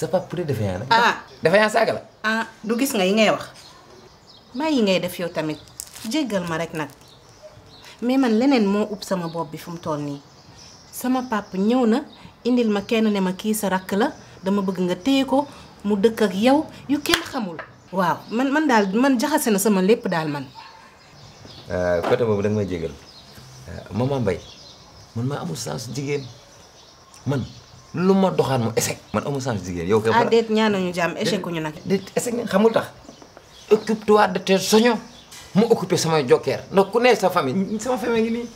sa papa bu dee défaillant ah défaillant saaga la. ah du gis nga yi ngay ya, wax may ngay ya def yow tamit djegal ma rek nak mais man lenen mo sama bob bi fum sama papa ñëw na indil ma kenn ne ma ki sa rak la dama bëgg nga Wow, ko mu dëkk ak yow yu kenn xamul. waaw man man dal man jaxassena sama lepp dal man. côté ah, boobu da ma djegal jégal ah, Mama Mbaye man ma amul sens man. lu ma doxaan mu échec. man mu amul chance jigéen yow. a ah déet ñaanuñu jàmm échec ku ñu nag. déet échec nga xamul tax. occupe-toi de ter soño mu occupé samay jokkeer ndax ku ne sa famille sama famille ngi nii.